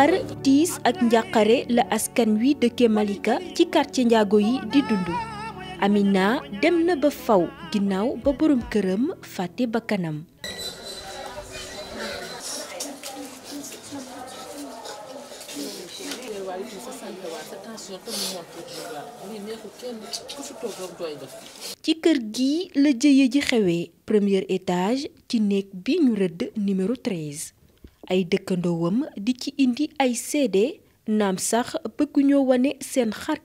naqar tiis ak njàqare la askan wi dëkke Malika ci quartier njaago yi di dund Amina dem na ba faw ginnaaw ba borom këram fàtte ba kanam ci kër gi la jëye ji xewee premier étage ci néeg bi ñu rëdd numéro ay dëkkandoowam di ci indi ay seede naam sax bëgguñoo wane seen xar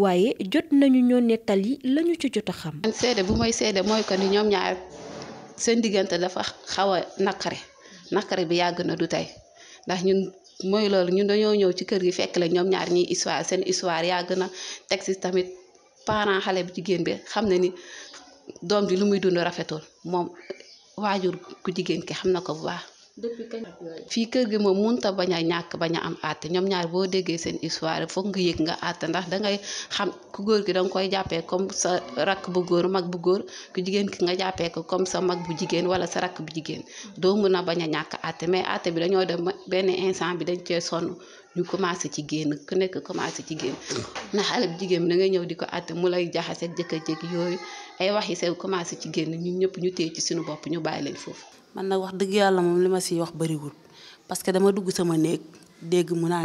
waaye jot nañu ñoo nettali lañu ci jot a xam. seede bu mooy seede mooy ko ni ñoom ñaar seen diggante dafa xaw a naqare naqare bi yàgg na du tey ndax ñun mooy loolu ñun dañoo ñëw ci kër gi fekk la ñoom ñaar ñiy histoire seen histoire yàgg na teg si tamit parent xale bi jigéen bi xam na ni doom bi lu muy dund rafetul moom waajur ku jigéen ki xam na ko bu baax. depuis fii kër gi moom munta bañ a ñàkk bañ am àtte ñoom ñaar boo déggee seen histoire foog nga yëg nga àtte ndax dangay xam ku góor gi danga koy jàppee comme sa rakk bu góor mag bu góor ku jigéen ki nga jàppee ko comme sa mag bu jigéen wala sa rakk bu jigéen doo mun a bañ a ñàkk àtte mais àtte bi dañoo dem benn instant bi dañ cee sonn ñu commencé ci génn ku nekk commencé ci génn mm. ndax xale bu jigéen bi da ngay ñëw di ko àtt mu lay jaxase jëkkër jëkk yooyu ay wax yi sew commencé ci génn ñu ñëpp ñu téye ci suñu bopp ñu bàyyi leen foofu. man nag wax dëgg yàlla moom li ma siy wax bariwul parce que dama dugg sama néeg dégg mu naan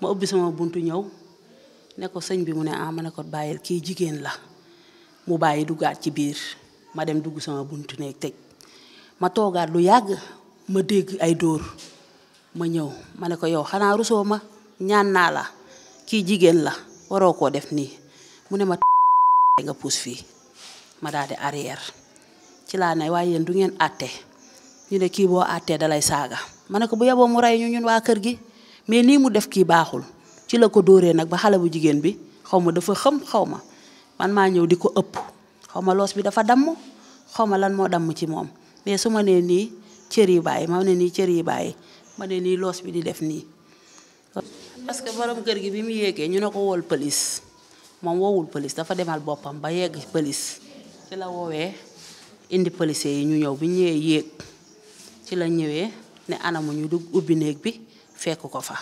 ma ubbi sama ñëw ne ko sëñ bi mu ne ah ma ne ko bàyyil kii jigéen la mu bàyyi duggaat ci biir ma dem dugg sama buntu néeg tëj ma toogaat lu yàgg ma dégg ay dóor. ma ñëw ma ne ko yow xanaa rusoo ma ñaan naa la kii jigéen la waroo koo def nii mu ne ma nga puus fii ma daal di ci laa ne waaye yéen du ngeen àtte ñu ne kii boo àttee dalay saaga ma ne ko bu yeboo mu rey ñu ñun waa kër gi mais nii mu def kii baaxul ci la ko dóoree nag ba xale bu jigéen bi xaw ma dafa xëm xaw ma man maa ñëw di ko ëpp xaw ma loos bi dafa damm xaw ma lan moo damm ci moom mais su ma nii cër yi ma ne nii cër yi ma ne lii loos bi di def nii. parce que borom kër gi bi mu yéegee ñu ne ko wol pëlis moom woowul pëlis dafa demal boppam ba yegg pëlis ci la woowee indi policier yi ñu ñëw bi ñëwee yéeg ci la ñëwee ne anamu ñu dugg ubbi néeg bi fekk ko fa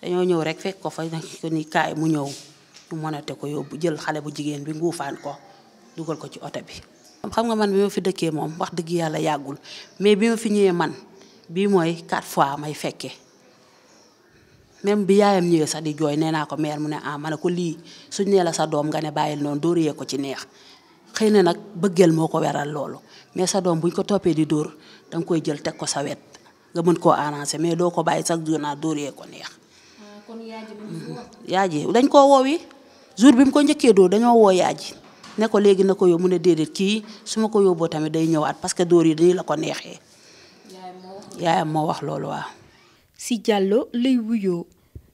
dañoo ñëw rek fekk ko fa nag ko ni kaay mu ñëw ñu mënate ko yóbbu jël xale bu jigéen bi nguufaan ko dugal ko ci oto bi. xam nga man bi ma fi dëkkee moom wax dëgg yàlla yàggul mais bi ma fi ñëwee man. bii mooy quatre fois may fekke même bi yaayam ñëwee sax di jooy nee naa ko meer mu ne ah mane ko lii suñ nee la sa doom nga ne bàyyil noonu dóor yee ko ci neex xëy na nag bëggeel moo ko weral loolu mais sa doom buñ ko toppee di dóor danga koy jël teg ko sa wet nga mën koo arranger mais doo ko bàyyi sax jour naa dóor yee ko neex. Ah, kon yaay ji dañ koo woo wi jour bi mu ko njëkkee dóor dañoo woo yaay ji ne ko léegi na ko yóbbu mu ne déedéet kii su ma ko yóbboo tamit day ñëwaat parce que dóor yi dañu la ko neexee. yaayam moo wax loolu waa si jàlloo lay wuyoo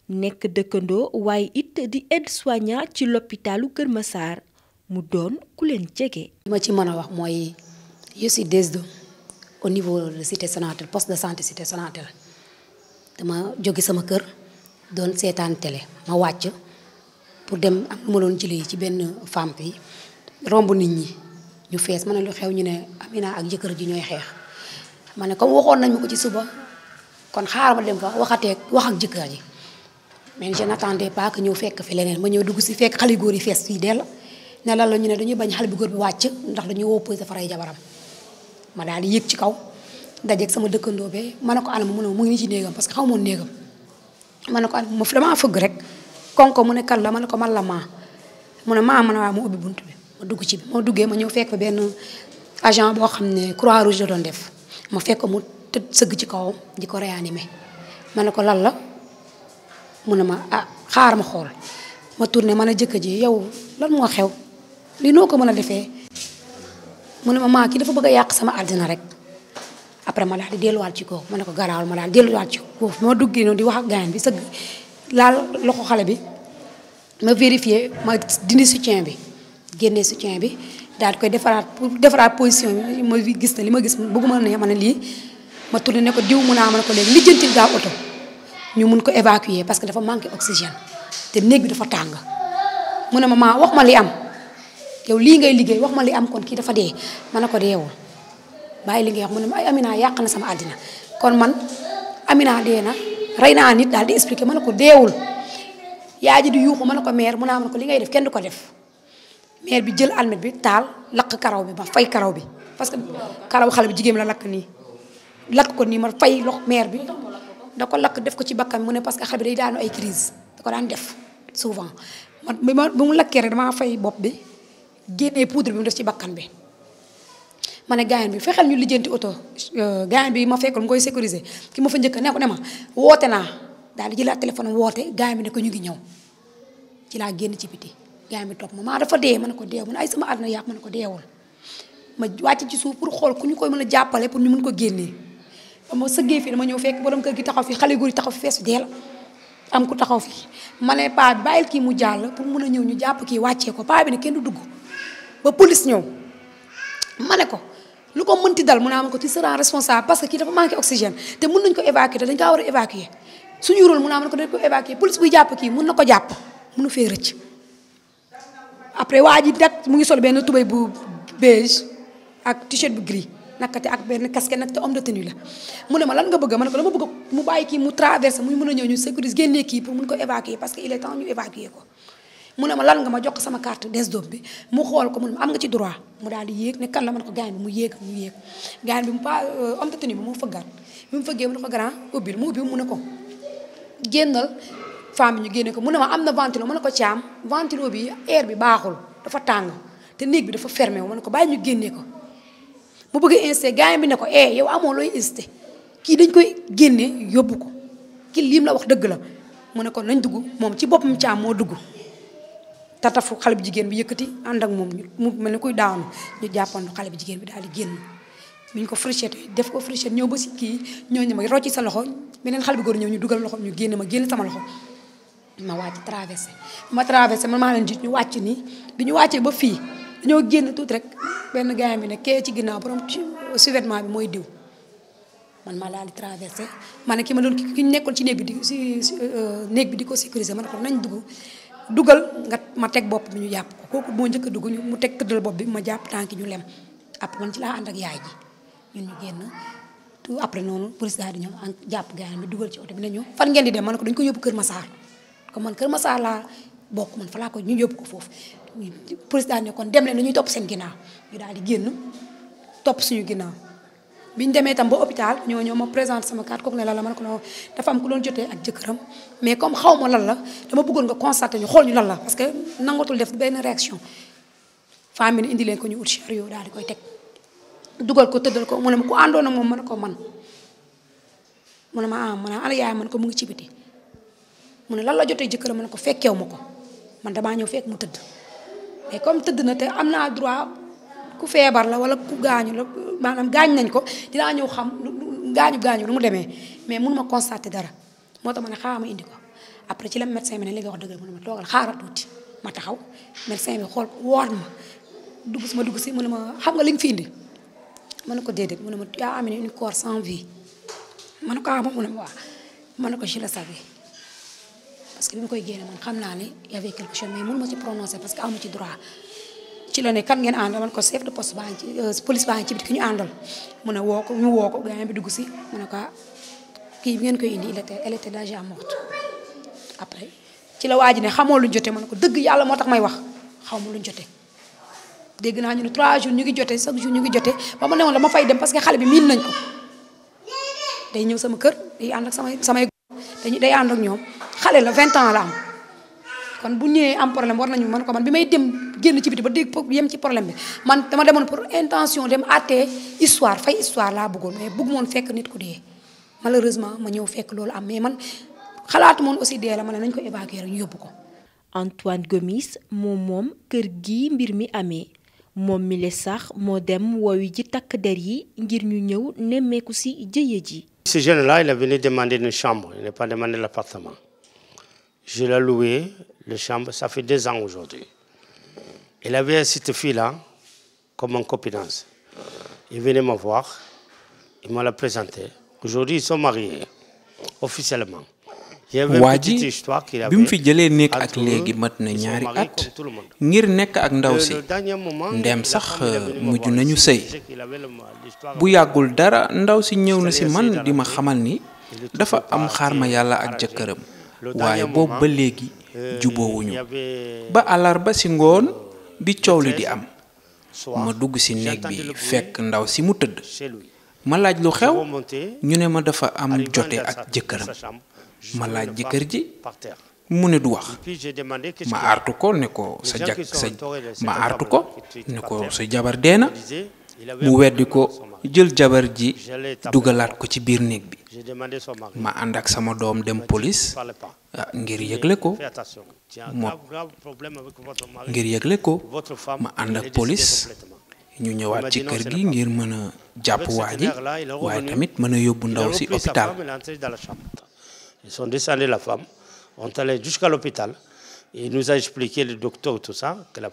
nekk dëkkandoo waaye it di aide-soignant ci l'hôpitalu Kër Massar mu doon ku leen jege. ma ci mën a wax mooy je suis DSD au niveau de cité Sonatel poste de santé cité Sonatel dama jóge sama kër doon seetaan télé ma wàcc pour dem am lu ma doon jëlee ci benn femme yi romb nit ñi ñu fees ma na lu xew ñu ne Amina ak jëkkër ji ñooy xeex. ma ne comme waxoon nañ ma ko ci suba kon xaaral ma dem fa waxatee wax ak jëkkër ji mais je n'attendais pas que ñëw fekk fi leneen ma ñëw dugg si fekk xale góor yi fees fii dell ne lan la ñu ne dañuy bañ xale bu góor bi wàcc ndax dañuy opposé faray jabaram ma daal di yéeg ci kaw dajeeg sama dëkkandoo be ma ne ko anam mu ne mu ngi ci néegam parce que xaw moon néegam ma ne ko anam ma damaa fëgg rek konko mu ne kan la ma ne ko man la maa mu ne maa ma ne mu ubbi bunt bi ma dugg ci bi ma duggee ma ñëw fekk fa benn agent boo xam ne Croix-Rouge la doon def ma fekk mu tëdd sëgg ci kawam di ko réanimé ma ne ko lan la mu ne ma ah xaar ma xool ma tourné ma ne jëkkër ji yow lan moo xew li noo ko mën a defee mun ne ma maa kii dafa bëgg a yàq sama àddina rek après ma daal di delluwaat ci kooku ma ne ko garaawal ma daal delluwaat ci kooku ma duggee noonu di wax ak gaañ bi sëgg laal loxo xale bi ma vérifié ma dindi soutien bi génnee soutien bi daal di koy defaraat pour defaraat position bi ma gis na li ma gis bëgguma ne ma ne lii ma tourné ne ko diw mu a ma ko léegi lijjantil gaaw oto ñu mun ko évacuer parce que dafa manqué oxygène te néeg dafa tàng mu ne ma maa wax ma li am yow lii ngay liggéey wax ma li am kon kii dafa dee man ne ko deewul bàyyi li ngay wax mu ne ma ay Amina yàq na sama àddina kon man Amina dee na rey naa nit daal di expliquer ma ne ko deewul yaa ji di yuuxu man ne ko meer mun naa ma ko li ngay def kenn du ko def maire bi jël almet bi taal lakk karaw bi ma fay karaw bi parce que karaw xale bi jigéen la lakk nii lakk ko nii ma fay lox maire bi da ko lakk def ko ci bakkan mu ne parce que xale bi day daanu ay crise ko daan def souvent bi ma bi mu lakkee damaa fay bopp bi génnee poudre bi def ci bakkan bi ma ne gaayan bi fexeel ñu lijjanti oto euh, gaayan bi ma fekkoon mu koy sécuriser ki ma fa njëkka ne ne ma woote naa daal di jëlaat téléphone woote gaayan bi ne ko ñu ngi ñëw ci laa génn ci biti yaay mi toog ma maa dafa dee ma ne ko dee mu ne ay sama àdduna yàq ma ne ko deewul ma wàcc ci suuf pour xool ku ñu koy mën a jàppale pour ñu mën ko génnee ma sëggee fii dama ñëw fekk borom kër gi taxaw fi xale góor yi taxaw am ku taxaw fi ma ne paa bàyyil kii mu jàll pour mën a ñëw ñu jàpp kii wàccee ko paa bi ne kenn dugg ba police ñëw ma ne ko lu ko mënti dal mu naa ah, ma ko tu seras responsable parce que kii dafa manqué oxygène te mën nañ ko évacuer te dañ kaa war a évacuer suñu rôle mu naa ah, ma ne ko dañ ko évacuer police buy jàpp kii mun na ko jàpp mënu fee rëcc après waa ji dat mu ngi sol benn tubéy bu beige ak t-shirt bu gris nakate ak benn casquette nag te homme de tenue la mu ne ma lan nga bëgg ma ne ko dama bëgg mu bàyyi kii mu traversé a ñëw ñu sécuriser génnee kii pour mun ko évacuer parce que mu ne ma lan nga ma jox sama carte Desdom bi mu xool ko mu ne ma am nga ci droit mu daal di yéeg ne kan la ma ne ko gaañ bi mu yéeg mu yéeg gaañ bi mu pa euh, homme de tenue bi mu fëggaat bi mu fëggee mu ne ko grand ubbil mu ubbi mu ne ko génnal femme bi ñu génne ko mu ne ma am na ventilo ma ne ko caam ventilo bi air bi baaxul dafa tàng te néeg bi dafa fermé wu ne ko bàyyi ñu génne ko mu bëgg a insté gars bi ne ko eh yow amoo looy insté kii dañ koy génne yóbbu ko kii liim la wax dëgg la mu ne ko nañ dugg moom ci boppam caam moo dugg te tatafu xale bu jigéen bi yëkkati ànd ak moom mu mel ni kuy daanu ñu jàppandu xale bu jigéen bi daal di génn ñu ko fréchet def ko fréchet ñëw ba si kii ñoo ñu ma rocci sa loxo beneen xale bu góor ñëw ñu dugal loxo ñu génne ma génn sama loxo ma wàcc traversé ma traversé man maa leen jiit ñu wàcc ni bi ñu wàccee ba fii dañoo génn tuuti rek benn gaayam bi ne kee ci ginnaaw borom ci survêtement bi mooy diw man ma daal di traversé ma ne ki ma doon ki nekkool ci néeg bi di si euh, bi di ko sécuriser ma ne ko nañ dugg dugal nga ma teg bopp bi ñu jàpp ko kooku moo njëkk a dugg mu teg tëddal bopp bi ma jàpp tànk ñu lem après man ci laa ànd yaay ji ñun génn après noonu police daal di ñëw jàpp gaayam bi dugal ci oto bi ne ñu fan ngeen di dem ma ne ko dañ ko yóbbu Kër Massar comme man Kër Massar laa bokk man fa ko ñu yóbbu ko foofu président ne kon dem leen dañuy topp seen ginnaaw ñu daal di génn topp suñu ginnaaw bi ñu demee tam ba hôpital ñoo ñoo ma présente sama carte kooku ne la la man ko no dafa am ku doon jotee ak jëkkëram mais comme xaw ma lan la dama bëggoon nga constaté ñu xool ñu lan la parce que nangatul def benn réaction famille ni indi leen ko ñu ut chariot daal di koy teg dugal ko tëddal ko mu ne ma ku àndoon moom mën ko man ne ma ah ma ne ana ko mu ngi ci biti mu ne lan la jotee jëkkër mu ne ko fekkeew ma ko man damaa ñëw fekk mu tëdd mais comme tëdd na te am naa droit ku feebar la wala ku gaañu la maanaam gaañ nañ ko dinaa ñëw xam gaañu gaañu lu mu demee mais mënuma constater dara moo tax ma ne xaaral ma indi ko après ci la médecin bi ne li nga wax dëgg la mu ne ma toogal xaaral tuuti ma taxaw médecin bi xool woor ma dugg si ma dugg si mu ne ma xam nga li nga fi indi ma ne ko déedéet mu ne ma yaa amee une corps sans vie ma ne ko ah ma mu ne ma waaw ko je le savais parce que bi mu koy génne man xam naa ne y avait quelque chose mais mënu ma ci prononcer parce que amu ci droit ci la ne kan ngeen àndal man ko chef de poste baa ngi ci euh, police ki ñu àndal mu ne woo ko ñu woo ko gars bi dugg si mu ne ko ah, kii bi ngeen koy indi il était elle était déjà morte après ci la waa ji ne xamoo luñ jotee ma ne ko dëgg yàlla moo tax may wax xaw ma luñ jotee dégg naa ñu ne 3 jours ñu ngi jotee chaque jour ñu ngi jotee ba ma ne woon day ñëw sama kër day ànd ak samay samay. dañu day ànd ak ñoom xale la vingt ans la am kon bu ñëwee am problème war nañu man ko man bi may dem génn ci biti ba dégg yem ci problème bi man dama demoon pour intention dem àttee histoire fay histoire laa bëggoon mais bëgg moon fekk nit ku dee malheureusement ma ñëw fekk loolu am mais man xalaatumoon moon aussi dee la ma ne nañ ko évacuer rek yóbbu ko. Antoine Gomis moom moom kër gi mbir mi amee moom mi le sax moo dem woowu ji takk der yi ngir ñu ñëw nemmeeku ci jëye ji. Ce jeune-là, il est venu demander une chambre, il n'a pas demandé l'appartement. Je l'ai loué, la chambre, ça fait deux ans aujourd'hui. Il avait cette fille-là comme en copinance. Il venait me voir, il me l'a présentée. Aujourd'hui, ils sont mariés, officiellement. waa ji bi mu fi jëlee nekk ak léegi mat na ñaari at ngir nekk ak ndaw si ndem sax euh, mujj nañu sëy bu yàggul dara ndaw si ñëw na si man di ma xamal ni dafa am xar ma yàlla ak jëkkëram waaye boobu ba léegi euh, juboowuñu ba àllarba si ngoon bi coow li di am ma dugg si néeg bi fekk ndaw si mu tëdd ma laaj lu xew ñu ne ma dafa am jote ak jëkkëram ma laaj jëkkër ji mu ne du wax ma artu ko ne ko sa jag sa ma artu ko ne ko sa jabar dee na mu weddi ko jël jabar ji dugalaat ko ci biir néeg bi ma ànd ak sama doom dem police ah, ngir yëgle ko ma ngir yëgle ko ma ànd ak police ñu ñëwaat ci kër gi ngir mën a jàpp waa ji waaye tamit mën a yóbbu ndaw si hôpital Ils ont descendu la femme, ont allé jusqu'à l'hôpital. Il le la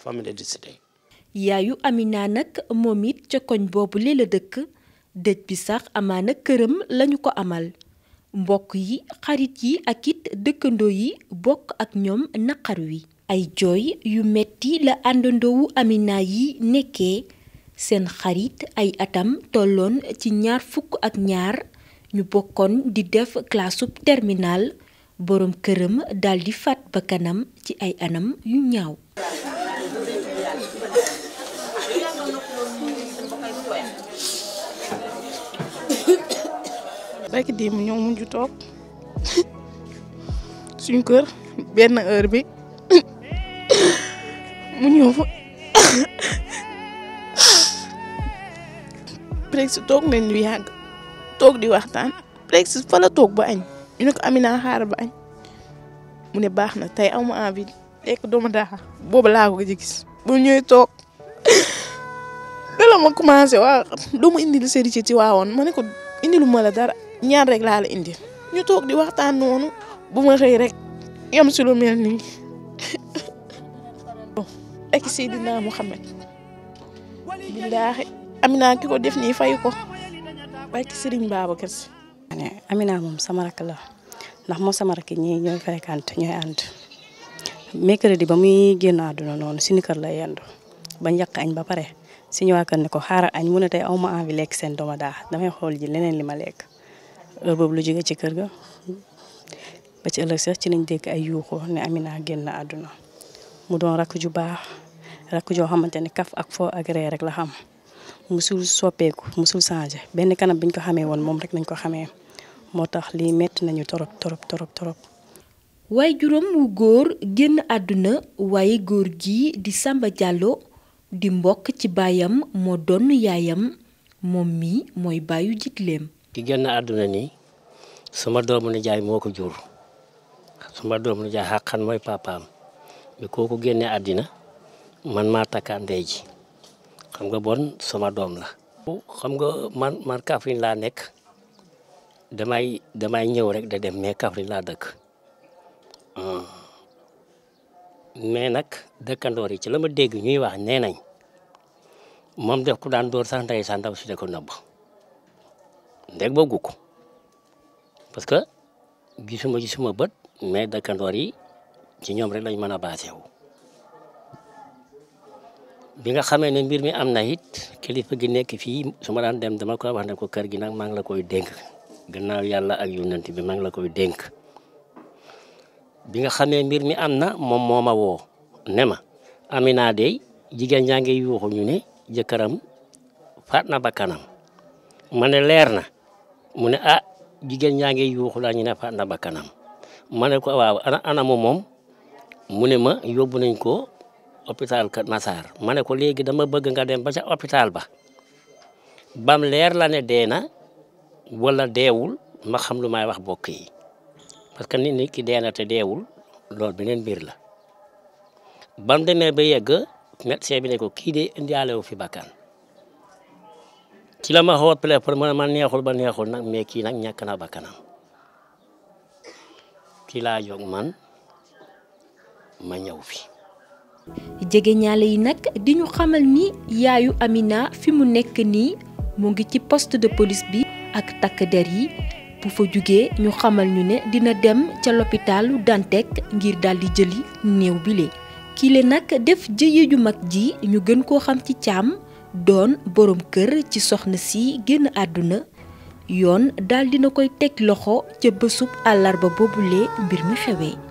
yaayu Amina nag moom it ca koñ boobu li la dëkk dëj bi sax amaana këram lañu ko amal mbokk yi xarit yi ak it dëkkandoo yi bokk ak ñoom naqar wi. ay jooy yu metti la àndandoowu Amina yi nekkee seen xarit ay atam tolloon ci ñaar fukk ak ñaar ñu bokkoon di def classe terminal boroom këram daal di faat bakkanam ci ay anam yu ñaaw. barki démb toog suñ kër benn heure bi mu ñëw fa presque toog nañ lu yàgg. toog di waxtaan presque fa la toog ba añ ñu ne ko Amina xaar ba añ mu ne baax na tey amu envie lekk doomu daaxa boobu laa ko ci gis bu ñuy toog dala ma commencé waaw doo ma indil sëriñ ci waawoon ma ne ko indilu ma la dara ñaar rek laa la indil ñu toog di waxtaan noonu bu ma xëy rek yam si lu mel nii ak Seydina Muhammad billaahi Amina ki ko def ni fay ko barki Serigne Babacar Sy. Amina moom sama rakk la ndax moom sama rakk ñi ñooy fréquente ñooy ànd mercredi ba muy génn àdduna noonu suñu kër la yendu ba njàq añ ba pare suñu waa kër ne ko xaaral añ mu ne tey aw ma envie lekk seen doomu daa damay xool ji leneen li ma lekk heure boobu lu jóge ci kër ga ba ci ëllëg sax ci lañ dégg ay yuuxu ne Amina génn àdduna mu doon rakk ju baax rakk joo xamante ne kaf ak foo ak rek la xam. musul soppeeku musul changé benn kanam biñ ko xamee woon moom rek nañ ko xamee moo tax li metti nañu torop torop torop torop waaye juróom wu góor génn àdduna waaye góor gi di Samba Diallo di mbokk ci baayam moo doon yaayam moom mi mooy baayu jigleem ki génn àdduna ni suma doomu nijaay moo ko jur suma doomu nijaay xaqan mooy papaam bi kooku génnee àddina man maa takkaat ndey ji xam nga bon sama doom la. xam nga man man laa nekk damay damay ñëw rek da dem mais Kaffrine laa dëkk hmm. mais nag dëkkandoor yi ci la ma dégg ñuy wax nee nañ moom def ko daan door sax ndey sax ndaw si da ko nëbb ndeg bëggu ko parce que gisuma gisuma bët mais dëkkandoor yi ci ñoom rek lañ mën a basé bi nga xamee ne mbir mi am na it kilifa gi nekk fii su ma daan dem dama ko wax ne ko kër gi nag maa ngi la koy dénk gannaaw yàlla ak yonent bi maa la koy dénk bi nga xamee mbir mi am na moom moo ma woo ne ma Amina dey jigéen ñaa ngi yuuxu ñu ne jëkkëram faat na bakkanam ma ne leer na mu ne ah jigéen ñaa ngi yuuxu laa ne faat na bakkanam ma ne ko waaw ana anamu moom mu ne ma yóbbu nañ ko hôpital Kër Massar ma ne ko léegi dama bëgg nga dem ba ca hôpital ba bam leer la ne dee na wala deewul ma xam lu may wax bokk yi parce que nit ñi ki dee na te deewul lool beneen mbir la bam demee ba yegg médecin bi ne ko kii de indiaale wu fi bakkan ci la ma xaw a plaire pour neexul ba neexul nag me kii nag ñàkk na bakkanam ki laa man ma ñëw fi. jege ñaale yi nag di ñu xamal ni yaayu Amina fi mu nekk nii mu ngi ci poste de police bi ak takk der yi bu fa jógee ñu xamal ñu ne dina dem ca lopitaalu Dantec ngir daldi di jëli néew bile. kile nag def jëye ju mag ji ñu gën koo xam ci caam doon boroom kër ci soxna si génn àdduna yoon daal dina koy teg loxo ca bésub àllarba boobule mbir mi xewee.